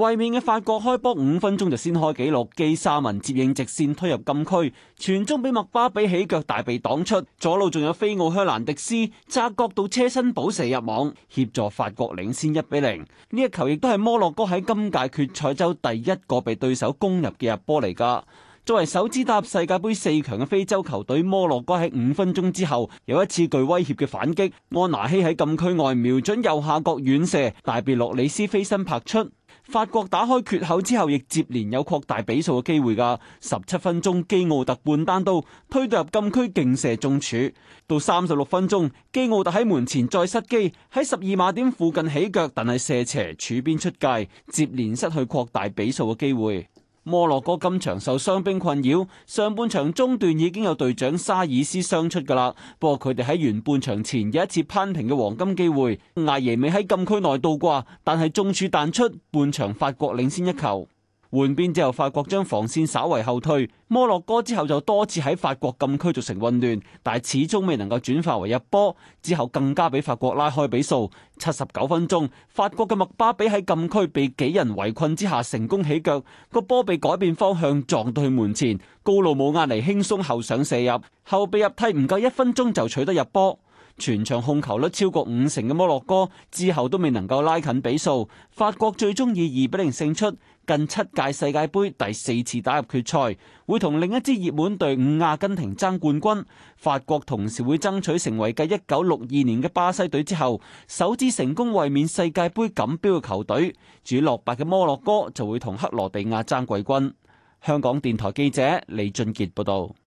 衛冕嘅法國開波五分鐘就先開紀錄，基沙文接應直線推入禁區，傳中俾麥巴比起腳大被擋出，左路仲有菲奧香蘭迪斯揸角度車身補射入網，協助法國領先一比零。呢一球亦都係摩洛哥喺今屆決賽周第一個被對手攻入嘅入波嚟噶。作為首支踏入世界杯四強嘅非洲球隊，摩洛哥喺五分鐘之後有一次具威脅嘅反擊，安拿希喺禁區外瞄準右下角遠射，大別洛里斯飛身拍出。法國打開缺口之後，亦接連有擴大比數嘅機會㗎。十七分鐘，基奧特半單刀推到入禁區勁射中柱。到三十六分鐘，基奧特喺門前再失機，喺十二碼點附近起腳，但係射斜，柱邊出界，接連失去擴大比數嘅機會。摩洛哥今場受傷兵困擾，上半場中段已經有隊長沙爾斯傷出㗎喇。不過佢哋喺完半場前有一次攀平嘅黃金機會，艾耶未喺禁區內倒掛，但係中柱彈出，半場法國領先一球。換邊之後，法國將防線稍為後退。摩洛哥之後就多次喺法國禁區造成混亂，但係始終未能夠轉化為入波。之後更加俾法國拉開比數。七十九分鐘，法國嘅麥巴比喺禁區被幾人圍困之下成功起腳，個波被改變方向撞到去門前，高路姆亞尼輕鬆後上射入，後備入替唔夠一分鐘就取得入波。全場控球率超過五成嘅摩洛哥之後都未能夠拉近比數，法國最終以二比零勝出，近七屆世界杯第四次打入決賽，會同另一支熱門隊伍阿根廷爭冠軍。法國同時會爭取成為繼一九六二年嘅巴西隊之後，首支成功衛冕世界杯錦標嘅球隊。主落敗嘅摩洛哥就會同克羅地亞爭季軍。香港電台記者李俊傑報道。